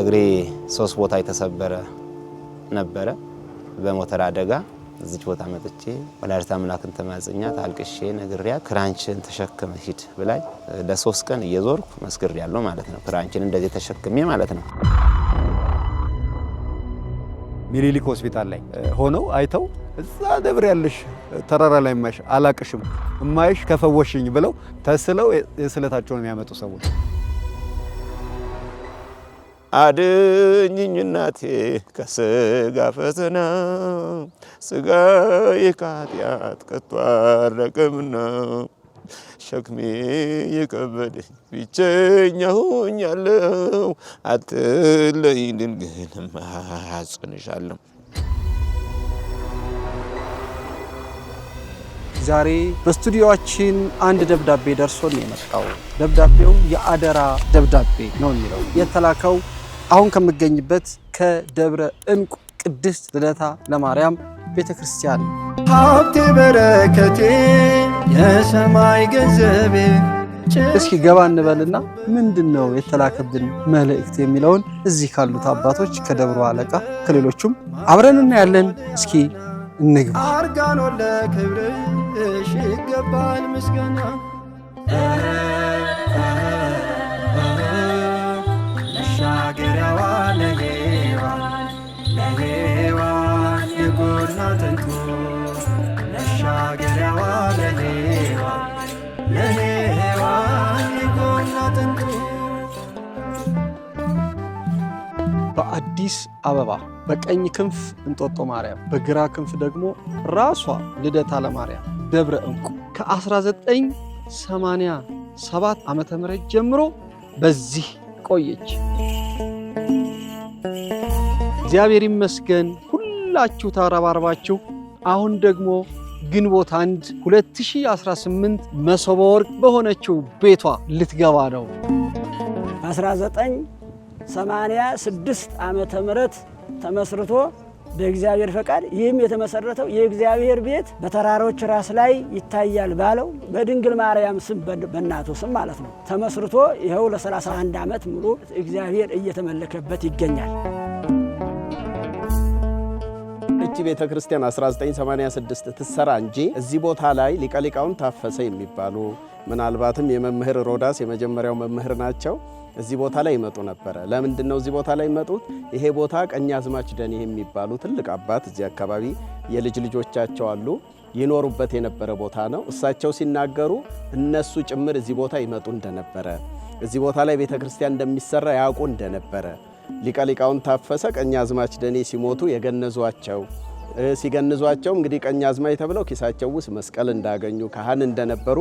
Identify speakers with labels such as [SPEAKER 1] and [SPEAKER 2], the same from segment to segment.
[SPEAKER 1] እግሬ ሶስት ቦታ የተሰበረ ነበረ በሞተር አደጋ። እዚች ቦታ መጥቼ ወላዲተ አምላክን ተማጽኛት አልቅሼ ነግሪያ ክራንችን ተሸክመ ሂድ ብላይ ለሶስት ቀን እየዞርኩ መስግር ያለው ማለት ነው። ክራንችን እንደዚህ ተሸክሜ ማለት ነው።
[SPEAKER 2] ሚኒሊክ ሆስፒታል ላይ ሆነው አይተው እዛ ደብር ያለሽ ተራራ ላይ ማሽ አላቅሽም እማይሽ ከፈወሽኝ ብለው ተስለው የስለታቸውን የሚያመጡ ሰዎች አድኝኝ እናቴ ከስጋ ፈተና ስጋዬ ከኃጢአት ከቶ አረቅምና
[SPEAKER 3] ሸክሜ የከበደኝ ብቸኛ ሆኛለሁ። አትለይ ድንግል እማጽንሻለሁ። ዛሬ በስቱዲዮችን አንድ ደብዳቤ ደርሶን የመጣው ደብዳቤው የአደራ ደብዳቤ ነው የሚለው የተላከው አሁን ከምገኝበት ከደብረ እንቁ ቅድስት ልደታ ለማርያም ቤተ ክርስቲያን ሀብቴ በረከቴ የሰማይ ገንዘቤ እስኪ ገባ እንበልና ምንድን ነው የተላከብን መልእክት የሚለውን እዚህ ካሉት አባቶች ከደብሮ አለቃ ከሌሎቹም አብረን እናያለን። እስኪ እንግባ። አርጋኖ ለክብርሽ ይገባል ምስጋና መሻገሪያዋ ለሔዋን ለሔዋን
[SPEAKER 2] መሻገሪያዋ ለሔዋን ለሔዋን በአዲስ አበባ በቀኝ ክንፍ እንጦጦ ማርያም፣ በግራ ክንፍ ደግሞ ራሷ ልደታ ለማርያም ደብረ እንቁ ከ1987 ዓ ም ጀምሮ በዚህ ቆየች። እግዚአብሔር ይመስገን ሁላችሁ ተረባርባችሁ አሁን ደግሞ ግንቦት አንድ 2018 መሶበ ወርቅ በሆነችው ቤቷ ልትገባ ነው።
[SPEAKER 3] 1986 ዓመተ ምህረት ተመስርቶ በእግዚአብሔር ፈቃድ ይህም የተመሰረተው የእግዚአብሔር ቤት በተራሮች ራስ ላይ ይታያል ባለው በድንግል ማርያም ስም በእናቱ ስም ማለት ነው ተመስርቶ ይኸው ለ31 ዓመት ሙሉ እግዚአብሔር እየተመለከበት ይገኛል።
[SPEAKER 2] ቤተ ክርስቲያን 1986 ትሰራ እንጂ እዚህ ቦታ ላይ ሊቀሊቃውን ታፈሰ የሚባሉ ምናልባትም የመምህር ሮዳስ የመጀመሪያው መምህር ናቸው። እዚህ ቦታ ላይ ይመጡ ነበረ። ለምንድን ነው እዚህ ቦታ ላይ ይመጡት? ይሄ ቦታ ቀኛዝማች ደኔ የሚባሉ ትልቅ አባት እዚህ አካባቢ የልጅ ልጆቻቸው አሉ ይኖሩበት የነበረ ቦታ ነው። እሳቸው ሲናገሩ እነሱ ጭምር እዚህ ቦታ ይመጡ እንደነበረ እዚህ ቦታ ላይ ቤተ ክርስቲያን እንደሚሰራ ያውቁ እንደነበረ ሊቀ ሊቃውንት ታፈሰ ቀኛዝማች ደኔ ሲሞቱ የገነዟቸው ሲገንዟቸው እንግዲህ አዝማይ ተብለው ኪሳቸው ውስጥ መስቀል እንዳገኙ ካህን እንደነበሩ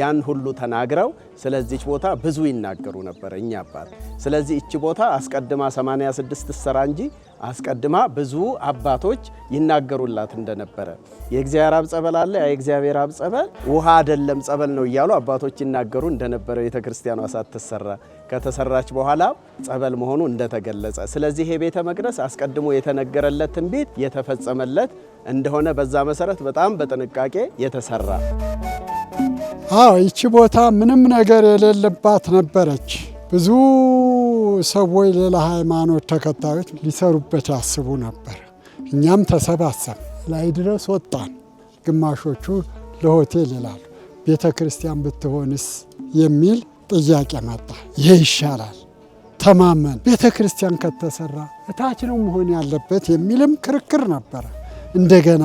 [SPEAKER 2] ያን ሁሉ ተናግረው ስለዚች ቦታ ብዙ ይናገሩ ነበር እኛ አባት። ስለዚህ እች ቦታ አስቀድማ 86 ሰራ እንጂ አስቀድማ ብዙ አባቶች ይናገሩላት እንደነበረ የእግዚአብሔር አብ ጸበል አለ። የእግዚአብሔር አብ ጸበል ውሃ አይደለም ጸበል ነው እያሉ አባቶች ይናገሩ እንደነበረ ቤተ ክርስቲያኗ ሳትሰራ ከተሰራች በኋላ ጸበል መሆኑ እንደተገለጸ፣ ስለዚህ ሄ ቤተ መቅደስ አስቀድሞ የተነገረለት ትንቢት የተፈጸመለት እንደሆነ በዛ መሰረት በጣም በጥንቃቄ የተሰራ
[SPEAKER 4] አዎ ይቺ ቦታ ምንም ነገር የሌለባት ነበረች። ብዙ ሰዎች ሌላ ሃይማኖት ተከታዮች ሊሰሩበት ያስቡ ነበር። እኛም ተሰባሰብ ላይ ድረስ ወጣን። ግማሾቹ ለሆቴል ይላሉ፣ ቤተ ክርስቲያን ብትሆንስ የሚል ጥያቄ መጣ። ይህ ይሻላል ተማመን፣ ቤተ ክርስቲያን ከተሰራ እታች ነው መሆን ያለበት የሚልም ክርክር ነበረ። እንደገና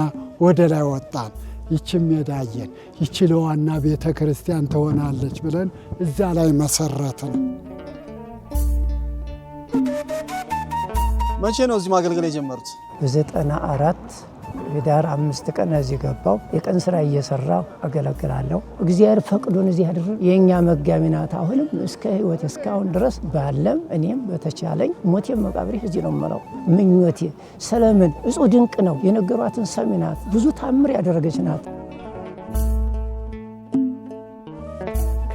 [SPEAKER 4] ወደ ላይ ወጣን። ይቺም ሜዳየን ይቺ ለዋና ቤተ ክርስቲያን ትሆናለች ብለን እዛ ላይ መሰረትን።
[SPEAKER 2] መቼ ነው እዚህ ማገልገል የጀመሩት?
[SPEAKER 5] በዘጠና አራት ህዳር አምስት ቀን እዚህ ገባው የቀን ስራ እየሰራው አገለግላለሁ። እግዚአብሔር ፈቅዶን እዚህ አድር የእኛ መጋቢ ናት። አሁንም እስከ ህይወት እስካሁን ድረስ ባለም እኔም በተቻለኝ ሞቴ መቃብሬ እዚህ ነው የምለው ምኞቴ። ስለምን እጹ ድንቅ ነው የነገሯትን ሰሚ ናት። ብዙ ታምር ያደረገች ናት።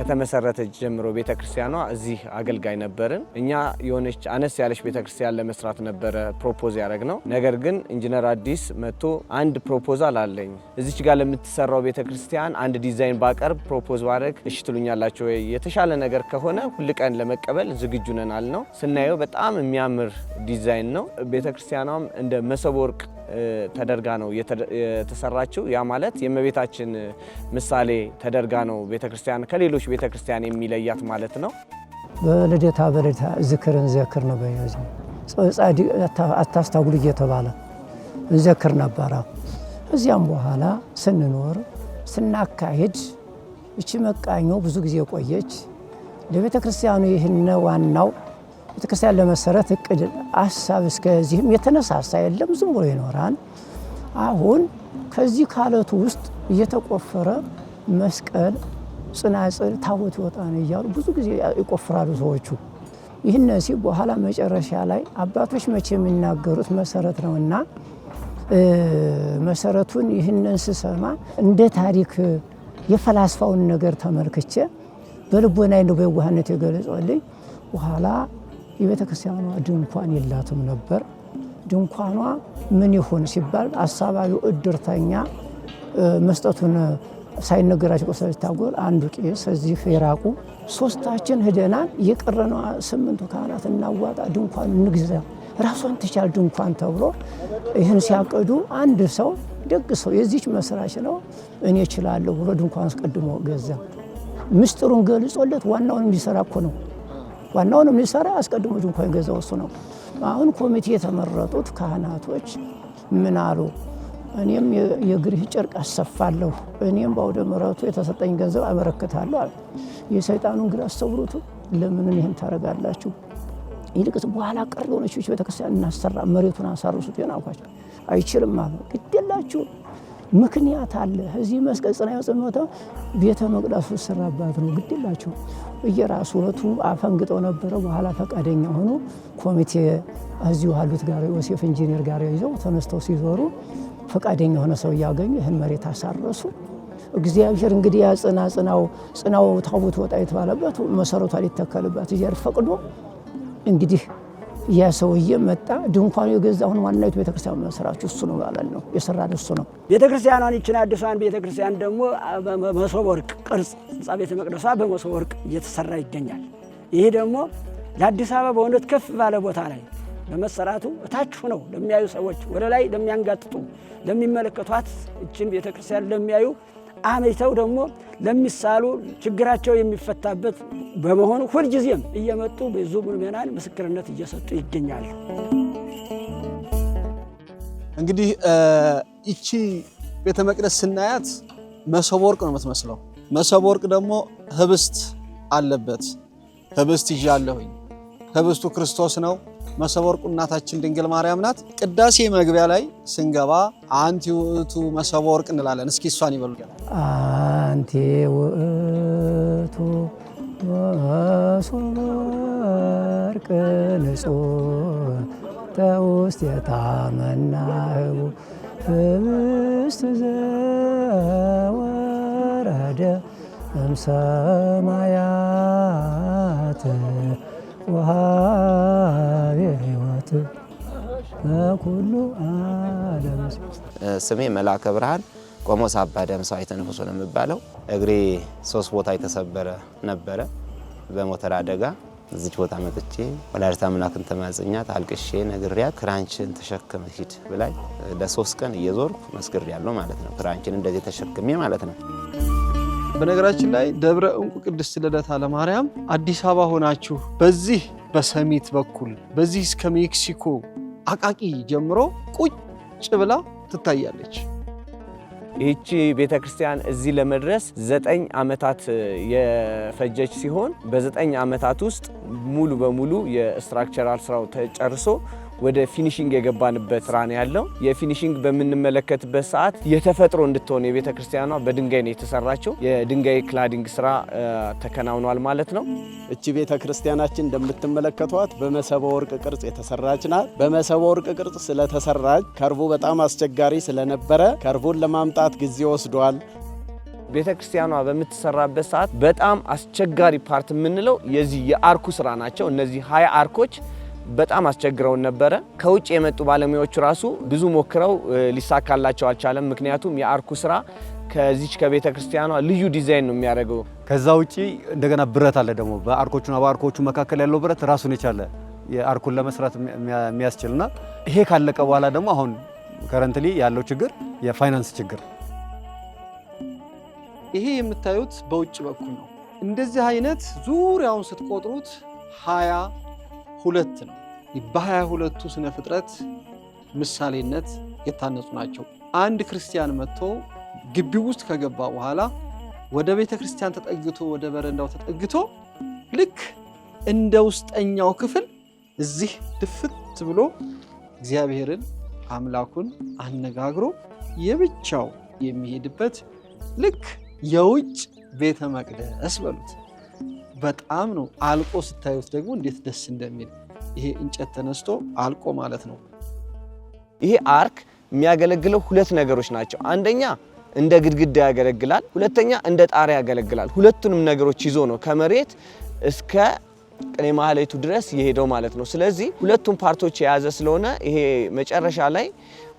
[SPEAKER 2] ከተመሰረተ ጀምሮ ቤተክርስቲያኗ እዚህ አገልጋይ ነበርን። እኛ የሆነች አነስ ያለች ቤተክርስቲያን ለመስራት ነበረ ፕሮፖዝ ያደረግ ነው። ነገር ግን ኢንጂነር አዲስ መጥቶ አንድ ፕሮፖዛል አለኝ እዚች ጋር ለምትሰራው ቤተክርስቲያን አንድ ዲዛይን ባቀርብ ፕሮፖዝ ባደረግ እሺ ትሉኛላችሁ ወይ? የተሻለ ነገር ከሆነ ሁል ቀን ለመቀበል ዝግጁ ነናል ነው። ስናየው በጣም የሚያምር ዲዛይን ነው። ቤተክርስቲያኗም እንደ መሶበ ወርቅ ተደርጋ ነው የተሰራችው። ያ ማለት የእመቤታችን ምሳሌ ተደርጋ ነው ቤተክርስቲያን ከሌሎች ቤተክርስቲያን የሚለያት ማለት ነው።
[SPEAKER 5] በልደታ በልደታ ዝክርን ዘክር ነው አታስታጉል እየተባለ እንዘክር ነበረ። እዚያም በኋላ ስንኖር ስናካሄድ እቺ መቃኞ ብዙ ጊዜ ቆየች። ለቤተ ክርስቲያኑ ይህን ዋናው ቤተክርስቲያን ለመሰረት እቅድ ሀሳብ እስከዚህም የተነሳሳ የለም፣ ዝም ብሎ ይኖራል። አሁን ከዚህ ካለቱ ውስጥ እየተቆፈረ መስቀል፣ ጽናጽል፣ ታቦት ይወጣ ነው እያሉ ብዙ ጊዜ ይቆፍራሉ ሰዎቹ። ይህን በኋላ መጨረሻ ላይ አባቶች መቼ የሚናገሩት መሰረት ነውና መሰረቱን ይህንን ስሰማ እንደ ታሪክ የፈላስፋውን ነገር ተመልክቼ በልቦና እንደ በየዋህነት የገለጸልኝ በኋላ የቤተ ክርስቲያኗ ድንኳን የላትም ነበር። ድንኳኗ ምን ይሁን ሲባል አሳባቢው እድርተኛ መስጠቱን ሳይነገራቸው ስለታጎል አንዱ ቄስ እዚህ የራቁ ሶስታችን ሂደናል። የቀረኗ ስምንቱ ካህናት እናዋጣ ድንኳን እንግዛ ራሷን ትቻል ድንኳን ተብሎ ይህን ሲያቅዱ አንድ ሰው ደግ ሰው የዚች መስራች ነው እኔ እችላለሁ ብሎ ድንኳን አስቀድሞ ገዛ። ምስጢሩን ገልጾለት ዋናውን የሚሰራ እኮ ነው። ዋናውን የሚሰራ አስቀድሞ ድንኳን ገዛው እሱ ነው። አሁን ኮሚቴ የተመረጡት ካህናቶች ምን አሉ? እኔም የግሪህ ጨርቅ አሰፋለሁ፣ እኔም በአውደ ምረቱ የተሰጠኝ ገንዘብ አበረክታለሁ አሉ። የሰይጣኑን ግር አስተውሉት። ለምን ይህን ታደርጋላችሁ? ይልቅስ በኋላ ቀር የሆነች ቤተክርስቲያን እናሰራ፣ መሬቱን አሳርሱት አልኳቸው። አይችልም አሉ። ግደላችሁ ምክንያት አለ። እዚህ መስቀል ጽና የጽኖተ ቤተ መቅደሱ ስራባት ነው ግድላቸው እየራሱ ሁለቱ አፈንግጠው ነበረ። በኋላ ፈቃደኛ ሆኖ ኮሚቴ እዚሁ አሉት ጋር ዮሴፍ ኢንጂነር ጋር ይዘው ተነስተው ሲዞሩ ፈቃደኛ የሆነ ሰው እያገኙ ይህን መሬት አሳረሱ። እግዚአብሔር እንግዲህ ያ ጽና ጽናው ጽናው ታቦት ወጣ የተባለበት መሰረቷ ሊተከልበት እግዚአብሔር ፈቅዶ እንግዲህ ያ ሰውዬ መጣ። ድንኳን የገዛሁን ዋናዊቱ ቤተክርስቲያን መስራች እሱ ነው ማለት ነው። የሰራን እሱ ነው።
[SPEAKER 3] ቤተክርስቲያኗን ይችን አዲሷን ቤተክርስቲያን ደግሞ በመሶበ ወርቅ ቅርጽ ህንፃ ቤተ መቅደሷ በመሶበ ወርቅ እየተሰራ ይገኛል። ይህ ደግሞ ለአዲስ አበባ በእውነት ከፍ ባለ ቦታ ላይ በመሰራቱ እታች ሆነው ለሚያዩ ሰዎች፣ ወደ ላይ ለሚያንጋጥጡ፣ ለሚመለከቷት እችን ቤተክርስቲያን ለሚያዩ አመይተው ደግሞ ለሚሳሉ ችግራቸው የሚፈታበት በመሆኑ ሁልጊዜም እየመጡ ብዙ ምዕመናን ምስክርነት እየሰጡ ይገኛሉ።
[SPEAKER 2] እንግዲህ ይቺ ቤተ መቅደስ ስናያት መሶበ ወርቅ ነው የምትመስለው። መሶበ ወርቅ ደግሞ ህብስት አለበት። ህብስት ይዣለሁኝ ህብስቱ ክርስቶስ ነው። መሰበ ወርቁ እናታችን ድንግል ማርያም ናት። ቅዳሴ መግቢያ ላይ ስንገባ አንቲ ውእቱ መሰብ ወርቅ እንላለን። እስኪ እሷን ይበሉ። አንቲ ውእቱ መሰበ ወርቅ ንጹሕ ተውስጥ ህቡ ህብስት
[SPEAKER 1] ዘወረደ እምሰማያት ወሃቤ ሕይወት በኩሉ ዓለም። ስሜ መላከ ብርሃን ቆሞስ አባ ደምሰው አይተነፍሶ ነው የሚባለው። እግሬ ሶስት ቦታ የተሰበረ ነበረ በሞተር አደጋ። እዚች ቦታ መጥቼ ወላዲተ አምላክን ተማጽኛት አልቅሼ ነግሪያት ክራንችን ተሸክመ ሂድ ብላኝ ለሶስት ቀን እየዞርኩ መስግሬያለሁ ማለት ነው። ክራንችን እንደዚህ ተሸክሜ ማለት ነው።
[SPEAKER 2] በነገራችን ላይ ደብረ እንቁ ቅድስት ልደታ ለማርያም አዲስ አበባ ሆናችሁ በዚህ በሰሚት በኩል በዚህ እስከ ሜክሲኮ አቃቂ ጀምሮ ቁጭ ብላ ትታያለች። ይህቺ ቤተ ክርስቲያን እዚህ ለመድረስ ዘጠኝ ዓመታት የፈጀች ሲሆን በዘጠኝ ዓመታት ውስጥ ሙሉ በሙሉ የስትራክቸራል ስራው ተጨርሶ ወደ ፊኒሽንግ የገባንበት ስራ ነው ያለው። የፊኒሽንግ በምንመለከትበት ሰዓት የተፈጥሮ እንድትሆን የቤተ ክርስቲያኗ በድንጋይ ነው የተሰራቸው የድንጋይ ክላዲንግ ስራ ተከናውኗል ማለት ነው። እቺ ቤተ ክርስቲያናችን እንደምትመለከቷት በመሰበ ወርቅ ቅርጽ የተሰራች ናት። በመሰበ ወርቅ ቅርጽ ስለተሰራች ከርቡ በጣም አስቸጋሪ ስለነበረ ከርቡን ለማምጣት ጊዜ ወስዷል። ቤተ ክርስቲያኗ በምትሰራበት ሰዓት በጣም አስቸጋሪ ፓርት የምንለው የዚህ የአርኩ ስራ ናቸው። እነዚህ ሀያ አርኮች በጣም አስቸግረውን ነበረ። ከውጭ የመጡ ባለሙያዎቹ ራሱ ብዙ ሞክረው ሊሳካላቸው አልቻለም። ምክንያቱም የአርኩ ስራ ከዚች ከቤተ ክርስቲያኗ ልዩ ዲዛይን ነው የሚያደርገው። ከዛ ውጭ እንደገና ብረት አለ ደግሞ በአርኮቹና በአርኮቹ መካከል ያለው ብረት ራሱን የቻለ የአርኩን ለመስራት የሚያስችልና ይሄ ካለቀ በኋላ ደግሞ አሁን ከረንትሊ ያለው ችግር የፋይናንስ ችግር። ይሄ የምታዩት በውጭ በኩል ነው። እንደዚህ አይነት ዙሪያውን ስትቆጥሩት ሀያ ሁለት ነው። በሀያ ሁለቱ ስነ ፍጥረት ምሳሌነት የታነጹ ናቸው። አንድ ክርስቲያን መጥቶ ግቢ ውስጥ ከገባ በኋላ ወደ ቤተ ክርስቲያን ተጠግቶ ወደ በረንዳው ተጠግቶ ልክ እንደ ውስጠኛው ክፍል እዚህ ድፍት ብሎ እግዚአብሔርን አምላኩን አነጋግሮ የብቻው የሚሄድበት ልክ የውጭ ቤተ መቅደስ በሉት በጣም ነው። አልቆ ስታዩት ደግሞ እንዴት ደስ እንደሚል ይሄ እንጨት ተነስቶ አልቆ ማለት ነው። ይሄ አርክ የሚያገለግለው ሁለት ነገሮች ናቸው። አንደኛ እንደ ግድግዳ ያገለግላል፣ ሁለተኛ እንደ ጣሪያ ያገለግላል። ሁለቱንም ነገሮች ይዞ ነው ከመሬት እስከ ቅኔ ማህሌቱ ድረስ የሄደው ማለት ነው። ስለዚህ ሁለቱም ፓርቶች የያዘ ስለሆነ ይሄ መጨረሻ ላይ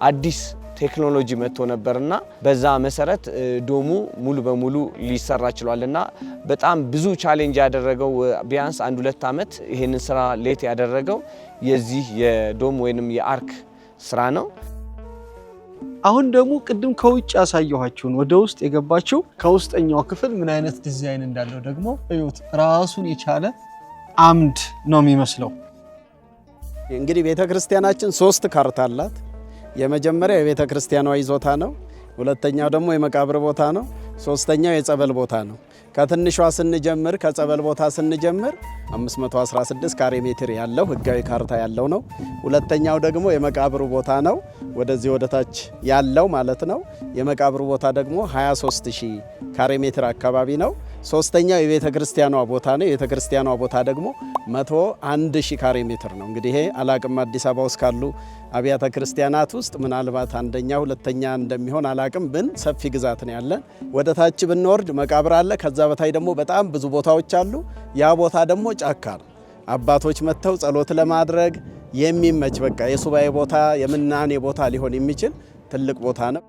[SPEAKER 2] አዲስ ቴክኖሎጂ መጥቶ ነበርና በዛ መሰረት ዶሙ ሙሉ በሙሉ ሊሰራ ችሏልና በጣም ብዙ ቻሌንጅ ያደረገው ቢያንስ አንድ ሁለት ዓመት ይህንን ስራ ሌት ያደረገው የዚህ የዶም ወይንም የአርክ ስራ ነው። አሁን ደግሞ ቅድም ከውጭ ያሳየኋችሁን ወደ ውስጥ የገባችው ከውስጠኛው ክፍል ምን አይነት ዲዛይን እንዳለው ደግሞ እዩት። ራሱን የቻለ አምድ ነው የሚመስለው። እንግዲህ ቤተክርስቲያናችን ሶስት ካርታ አላት። የመጀመሪያ የቤተ ክርስቲያኗ ይዞታ ነው። ሁለተኛው ደግሞ የመቃብር ቦታ ነው። ሶስተኛው የጸበል ቦታ ነው። ከትንሿ ስንጀምር ከጸበል ቦታ ስንጀምር 516 ካሬ ሜትር ያለው ህጋዊ ካርታ ያለው ነው። ሁለተኛው ደግሞ የመቃብሩ ቦታ ነው፣ ወደዚህ ወደታች ያለው ማለት ነው። የመቃብሩ ቦታ ደግሞ 23000 ካሬ ሜትር አካባቢ ነው። ሶስተኛው የቤተ ክርስቲያኗ ቦታ ነው። የቤተ ክርስቲያኗ ቦታ ደግሞ መቶ አንድ ሺ ካሬ ሜትር ነው። እንግዲህ ይሄ አላቅም አዲስ አበባ ውስጥ ካሉ አብያተ ክርስቲያናት ውስጥ ምናልባት አንደኛ ሁለተኛ እንደሚሆን አላቅም፣ ብን ሰፊ ግዛት ነው ያለን። ወደ ታች ብንወርድ መቃብር አለ። ከዛ በታይ ደግሞ በጣም ብዙ ቦታዎች አሉ። ያ ቦታ ደግሞ ጫካ ነው። አባቶች መጥተው ጸሎት ለማድረግ የሚመች በቃ የሱባኤ ቦታ የምናኔ ቦታ ሊሆን የሚችል ትልቅ ቦታ ነው።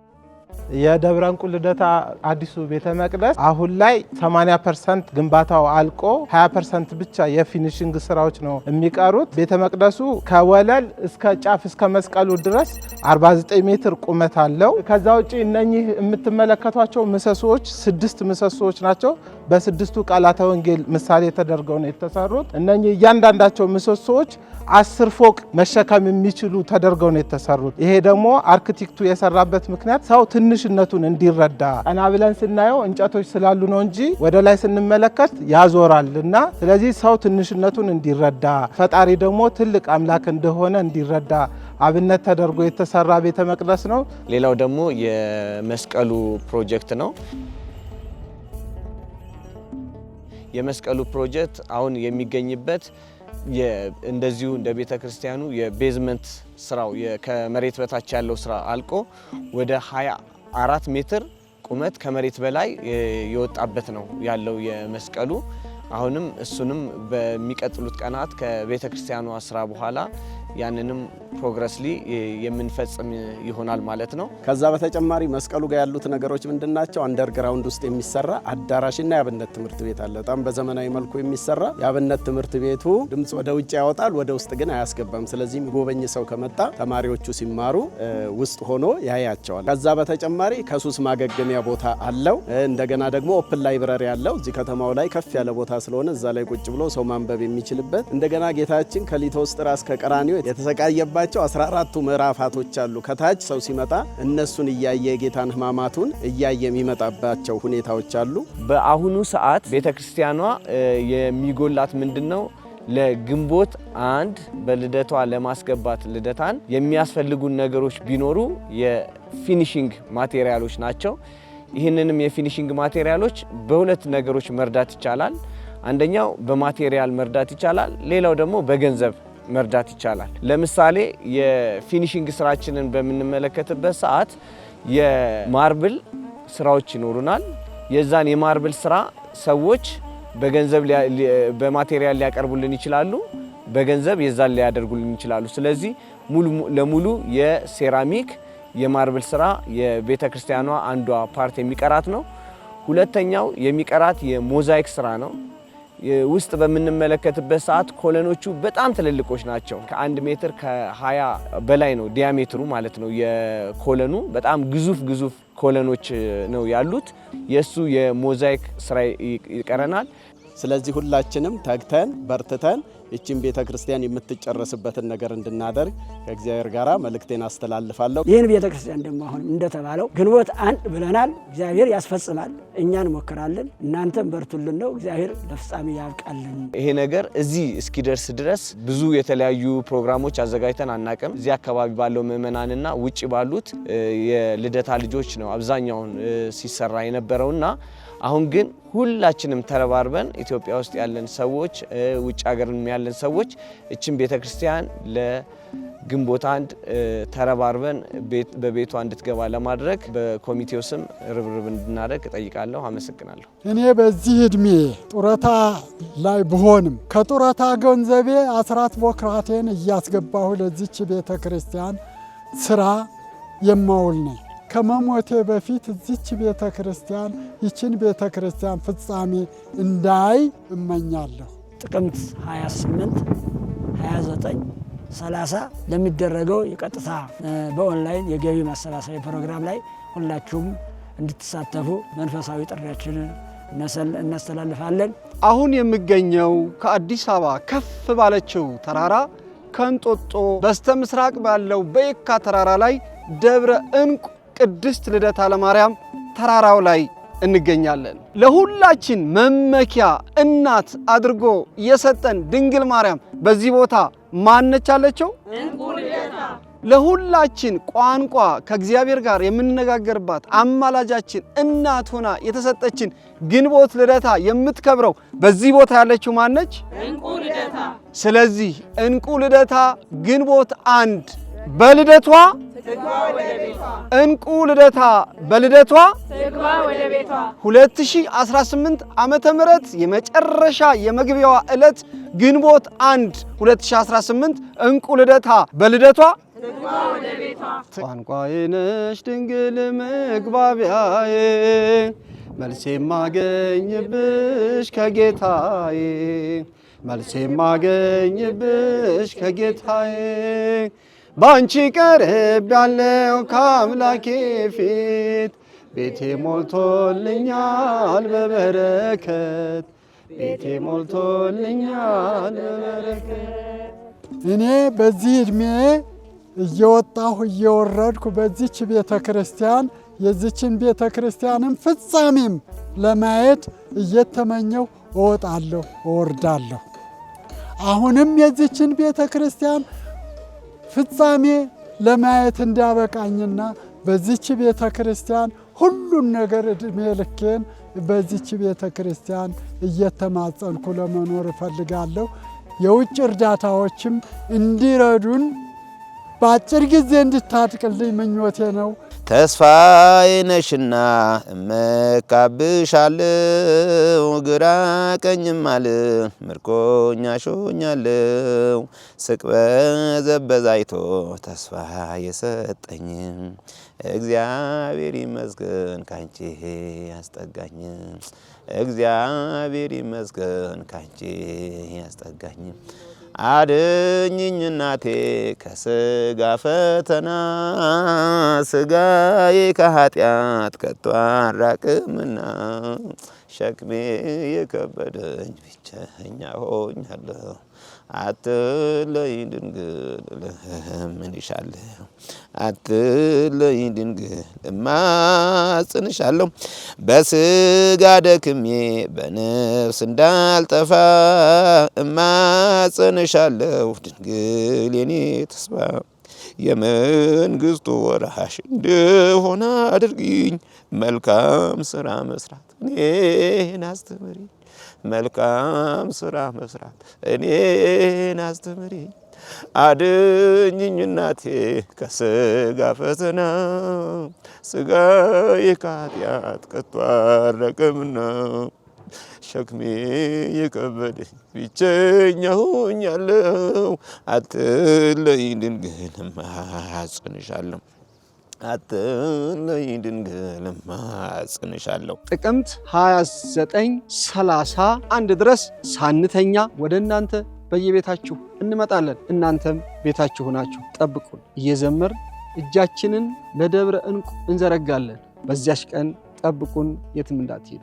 [SPEAKER 2] የደብረ ዕንቁ ልደታ አዲሱ ቤተ መቅደስ አሁን ላይ 80 ፐርሰንት ግንባታው አልቆ 20 ፐርሰንት ብቻ የፊኒሽንግ ስራዎች ነው የሚቀሩት። ቤተ መቅደሱ ከወለል እስከ ጫፍ እስከ መስቀሉ ድረስ 49 ሜትር ቁመት አለው። ከዛ ውጭ እነኚህ የምትመለከቷቸው ምሰሶዎች ስድስት ምሰሶዎች ናቸው። በስድስቱ ቃላተ ወንጌል ምሳሌ ተደርገው ነው የተሰሩት። እነኚህ እያንዳንዳቸው ምሰሶዎች አስር ፎቅ መሸከም የሚችሉ ተደርገው ነው የተሰሩት። ይሄ ደግሞ አርክቴክቱ የሰራበት ምክንያት ሰው ትንሽ ትንሽነቱን እንዲረዳ እና ብለን ስናየው እንጨቶች ስላሉ ነው እንጂ ወደ ላይ ስንመለከት ያዞራል እና ስለዚህ ሰው ትንሽነቱን እንዲረዳ ፈጣሪ ደግሞ ትልቅ አምላክ እንደሆነ እንዲረዳ አብነት ተደርጎ የተሰራ ቤተ መቅደስ ነው። ሌላው ደግሞ የመስቀሉ ፕሮጀክት ነው። የመስቀሉ ፕሮጀክት አሁን የሚገኝበት እንደዚሁ እንደ ቤተ ክርስቲያኑ የቤዝመንት ስራው ከመሬት በታች ያለው ስራ አልቆ ወደ 20 አራት ሜትር ቁመት ከመሬት በላይ የወጣበት ነው ያለው የመስቀሉ። አሁንም እሱንም በሚቀጥሉት ቀናት ከቤተ ክርስቲያኗ ስራ በኋላ ያንንም ፕሮግረስሊ የምንፈጽም ይሆናል ማለት ነው። ከዛ በተጨማሪ መስቀሉ ጋር ያሉት ነገሮች ምንድን ናቸው? አንደርግራውንድ ውስጥ የሚሰራ አዳራሽና የአብነት ትምህርት ቤት አለ። በጣም በዘመናዊ መልኩ የሚሰራ የአብነት ትምህርት ቤቱ ድምፅ ወደ ውጭ ያወጣል፣ ወደ ውስጥ ግን አያስገባም። ስለዚህ የሚጎበኝ ሰው ከመጣ ተማሪዎቹ ሲማሩ ውስጥ ሆኖ ያያቸዋል። ከዛ በተጨማሪ ከሱስ ማገገሚያ ቦታ አለው። እንደገና ደግሞ ኦፕን ላይብረሪ አለው። እዚህ ከተማው ላይ ከፍ ያለ ቦታ ስለሆነ እዛ ላይ ቁጭ ብሎ ሰው ማንበብ የሚችልበት እንደገና ጌታችን ከሊቶስጥራ እስከ ቀራኒዮ የጻፋቸው 14ቱ ምዕራፋቶች አሉ። ከታች ሰው ሲመጣ እነሱን እያየ ጌታን ሕማማቱን እያየ የሚመጣባቸው ሁኔታዎች አሉ። በአሁኑ ሰዓት ቤተ ክርስቲያኗ የሚጎላት ምንድን ነው? ለግንቦት አንድ በልደቷ ለማስገባት ልደታን የሚያስፈልጉን ነገሮች ቢኖሩ የፊኒሽንግ ማቴሪያሎች ናቸው። ይህንንም የፊኒሽንግ ማቴሪያሎች በሁለት ነገሮች መርዳት ይቻላል። አንደኛው በማቴሪያል መርዳት ይቻላል። ሌላው ደግሞ በገንዘብ መርዳት ይቻላል። ለምሳሌ የፊኒሽንግ ስራችንን በምንመለከትበት ሰዓት የማርብል ስራዎች ይኖሩናል። የዛን የማርብል ስራ ሰዎች በገንዘብ በማቴሪያል ሊያቀርቡልን ይችላሉ፣ በገንዘብ የዛን ሊያደርጉልን ይችላሉ። ስለዚህ ሙሉ ለሙሉ የሴራሚክ የማርብል ስራ የቤተ ክርስቲያኗ አንዷ ፓርት የሚቀራት ነው። ሁለተኛው የሚቀራት የሞዛይክ ስራ ነው። ውስጥ በምንመለከትበት ሰዓት ኮለኖቹ በጣም ትልልቆች ናቸው። ከአንድ ሜትር ከሀያ በላይ ነው ዲያሜትሩ ማለት ነው። የኮለኑ በጣም ግዙፍ ግዙፍ ኮለኖች ነው ያሉት። የእሱ የሞዛይክ ስራ ይቀረናል። ስለዚህ ሁላችንም ተግተን በርትተን ይችን ቤተ ክርስቲያን የምትጨረስበትን ነገር እንድናደርግ ከእግዚአብሔር ጋር መልእክቴን አስተላልፋለሁ። ይህን ቤተ ክርስቲያን ደግሞ አሁን እንደተባለው ግንቦት አንድ ብለናል። እግዚአብሔር ያስፈጽማል። እኛ እንሞክራለን፣ እናንተም በርቱልን ነው። እግዚአብሔር ለፍጻሜ ያብቃልን። ይሄ ነገር እዚህ እስኪደርስ ድረስ ብዙ የተለያዩ ፕሮግራሞች አዘጋጅተን አናቅም። እዚህ አካባቢ ባለው ምእመናንና ውጭ ባሉት የልደታ ልጆች ነው አብዛኛውን ሲሰራ የነበረውና አሁን ግን ሁላችንም ተረባርበን ኢትዮጵያ ውስጥ ያለን ሰዎች፣ ውጭ ሀገር ያለን ሰዎች እችን ቤተ ክርስቲያን ለግንቦት አንድ ተረባርበን በቤቷ እንድትገባ ለማድረግ በኮሚቴው ስም ርብርብ እንድናደርግ እጠይቃለሁ። አመሰግናለሁ።
[SPEAKER 4] እኔ በዚህ እድሜ ጡረታ ላይ ብሆንም ከጡረታ ገንዘቤ አስራት በኩራቴን እያስገባሁ ለዚች ቤተ ክርስቲያን ስራ የማውል ነኝ። ከመሞቴ በፊት እዚች ቤተ ክርስቲያን ይችን ቤተ ክርስቲያን ፍጻሜ እንዳይ እመኛለሁ።
[SPEAKER 5] ጥቅምት 28፣ 29፣ 30 ለሚደረገው የቀጥታ በኦንላይን የገቢ ማሰባሰቢያ ፕሮግራም ላይ ሁላችሁም እንድትሳተፉ መንፈሳዊ ጥሪያችንን እናስተላልፋለን።
[SPEAKER 2] አሁን የምገኘው ከአዲስ አበባ ከፍ ባለችው ተራራ ከእንጦጦ በስተ ምስራቅ ባለው በየካ ተራራ ላይ ደብረ እንቁ። ቅድስት ልደታ ለማርያም ተራራው ላይ እንገኛለን። ለሁላችን መመኪያ እናት አድርጎ የሰጠን ድንግል ማርያም በዚህ ቦታ ማነች አለችው። ለሁላችን ቋንቋ ከእግዚአብሔር ጋር የምንነጋገርባት አማላጃችን እናት ሆና የተሰጠችን ግንቦት ልደታ የምትከብረው በዚህ ቦታ ያለችው ማነች? እንቁ ልደታ። ስለዚህ እንቁ ልደታ ግንቦት አንድ በልደቷ እንቁ ልደታ በልደቷ 2018 ዓመተ ምህረት የመጨረሻ የመግቢያዋ ዕለት ግንቦት 1 2018 እንቁ ልደታ በልደቷ ቋንቋዬ ነሽ ድንግል መግባቢያዬ መልሴ ማገኝብሽ ከጌታዬ መልሴ ማገኝብሽ ከጌታዬ
[SPEAKER 4] ባንቺ ቀርብ ያለው ከአምላኬ ፊት ቤቴ ሞልቶልኛል በበረከት ቤቴ ሞልቶልኛል በበረከት። እኔ በዚህ እድሜ እየወጣሁ እየወረድኩ በዚች ቤተ ክርስቲያን የዚችን ቤተ ክርስቲያንም ፍጻሜም ለማየት እየተመኘው እወጣለሁ እወርዳለሁ። አሁንም የዚችን ቤተ ክርስቲያን ፍጻሜ ለማየት እንዲያበቃኝና በዚች ቤተ ክርስቲያን ሁሉን ነገር እድሜ ልኬን በዚች ቤተ ክርስቲያን እየተማጸንኩ ለመኖር እፈልጋለሁ። የውጭ እርዳታዎችም እንዲረዱን በአጭር ጊዜ እንድታድቅልኝ ምኞቴ ነው። ተስፋዬ ነሽና እመካብሻለው ግራ ቀኝማል ምርኮኛ ሾኛለው ስቅ በዘበዛይቶ ተስፋ የሰጠኝ እግዚአብሔር ይመስገን ካንቺ ያስጠጋኝ እግዚአብሔር ይመስገን ካንቺ ያስጠጋኝ አድኝኝ እናቴ ከስጋ ፈተና ስጋዬ ከኃጢአት ከቶ አራቅምና ሸክሜ የከበደኝ ብቸኛ ሆኛለሁ። አትለይ ድንግል ምን ይሻለሁ አትለይ ድንግል እማጽንሻለሁ። በስጋ ደክሜ በነፍስ እንዳልጠፋ እማጽንሻለሁ
[SPEAKER 2] ድንግል የኔ ተስፋ የመንግስቱ ወራሽ እንደሆነ አድርጊኝ። መልካም ስራ መስራት እኔን አስተምሪኝ። መልካም ስራ መስራት እኔን አስተምሪኝ። አድኝኝ እናቴ ከስጋ ፈተና ስጋ የካጢአት ከቷ ሸክሜ የከበደኝ ብቸኛ ሆኛለሁ። አትለይ ድንግል እማጽንሻለሁ አትለይ ድንግል እማጽንሻለሁ። ጥቅምት 29 30 አንድ ድረስ ሳንተኛ ወደ እናንተ በየቤታችሁ እንመጣለን። እናንተም ቤታችሁ ናችሁ፣ ጠብቁን። እየዘመር እጃችንን ለደብረ እንቁ እንዘረጋለን። በዚያች ቀን ጠብቁን፣ የትም እንዳትሄዱ።